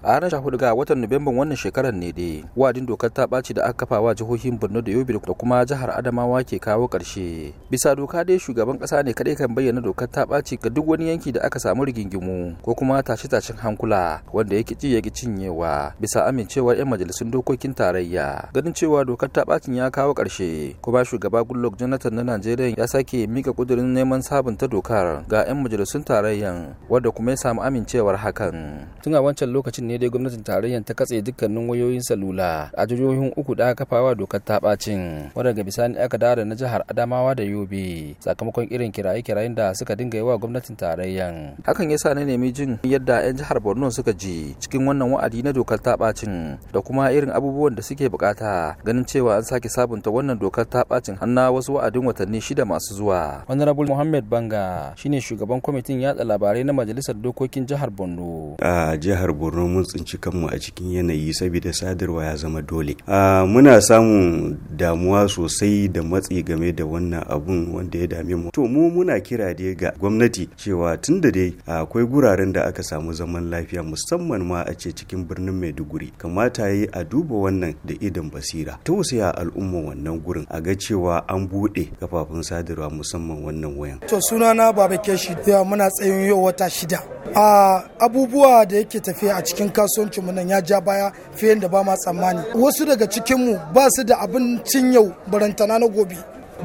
a ranar 14 ga watan nuwamban wannan shekarar ne dai wadin dokar ta ɓaci da aka kafa wa jihohin borno da yobe da kuma jihar adamawa ke kawo ƙarshe bisa doka dai shugaban ƙasa ne kaɗai kan bayyana dokar ta ɓaci ga duk wani yanki da aka samu rigingimu ko kuma tashe-tashen hankula wanda yake ci yake cinyewa bisa amincewar 'yan majalisun dokokin tarayya ganin cewa dokar ta ɓacin ya kawo ƙarshe kuma shugaba gullok jonathan na najeriya ya sake mika kudirin neman sabunta dokar ga 'yan majalisun tarayyan wanda kuma ya samu amincewar hakan tun a wancan lokacin 2013 ne dai gwamnatin tarayyar ta katse dukkanin wayoyin salula a jihohin uku da aka kafawa dokar ta bacin wadanda bisani aka dawo da na jihar Adamawa da Yobe sakamakon irin kiraye-kirayen da suka dinga yi wa gwamnatin tarayyan hakan yasa na nemi jin yadda 'yan jihar Borno suka ji cikin wannan wa'adi na dokar ta bacin da kuma irin abubuwan da suke bukata ganin cewa an sake sabunta wannan dokar ta bacin har na wasu wa'adin watanni shida masu zuwa honorable Muhammad Banga shine shugaban kwamitin yatsa labarai na majalisar dokokin jihar Borno a jihar Borno mun tsinci kanmu a cikin yanayi saboda sadarwa ya zama dole ah, muna samun damuwa sosai da matsi game da wannan abun wanda ya dame mu to mu muna kira dai ga gwamnati cewa tun da dai akwai guraren da aka samu zaman lafiya musamman ma a ce cikin birnin maiduguri kamata yi a duba wannan da idan basira ta a al'umma wannan gurin a ga cewa an buɗe kafafun sadarwa musamman wannan wayan to na baba keshi da muna tsayin yau wata shida a abubuwa da yake tafiya a cikin kasuwancinmu nan ya ja baya fiye da ba ma tsammani wasu daga cikinmu ba su da abin tun yau barantana na gobe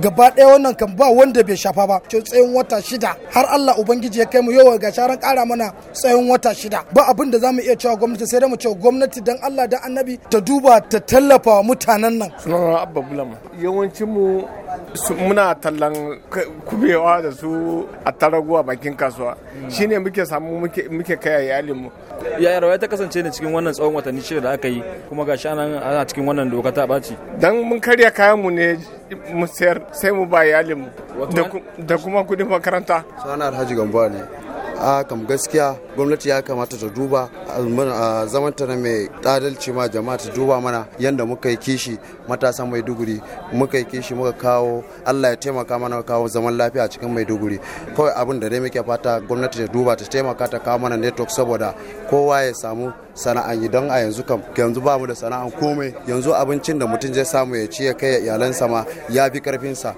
gaba ɗaya wannan kan ba wanda bai shafa ba to tsayin wata shida har Allah ubangiji ya kai mu yawa ga sharan ƙara mana tsayin wata shida ba abin da zamu iya cewa gwamnati sai dai mu cewa gwamnati dan Allah dan annabi ta duba ta tallafa wa mutanen nan sunan abba bulama yawancin mu muna tallan kubewa da su a taraguwa bakin kasuwa shine muke samu muke kaya iyalinmu yaya rawa ta kasance ne cikin wannan tsawon watanni shida da aka yi kuma ga shi ana cikin wannan doka ta ɓaci dan mun karya kayan mu ne mu sayar sai mu ba iyalinmu da kuma kudin makaranta sana alhaji gamba ne a kam gaskiya gwamnati ya kamata ta duba a zaman ta mai adalci ma jama'a ta duba mana yadda muka yi kishi matasa maiduguri muka yi kishi muka kawo allah ya taimaka mana kawo zaman lafiya a cikin maiduguri kawai abin da dai muke fata gwamnati ta duba ta taimaka ta kawo mana network saboda kowa ya samu sana'an idan a yanzu kam yanzu ba mu da sana'a komai yanzu abincin da mutum zai samu ya ci ya kai iyalansa ma ya fi karfinsa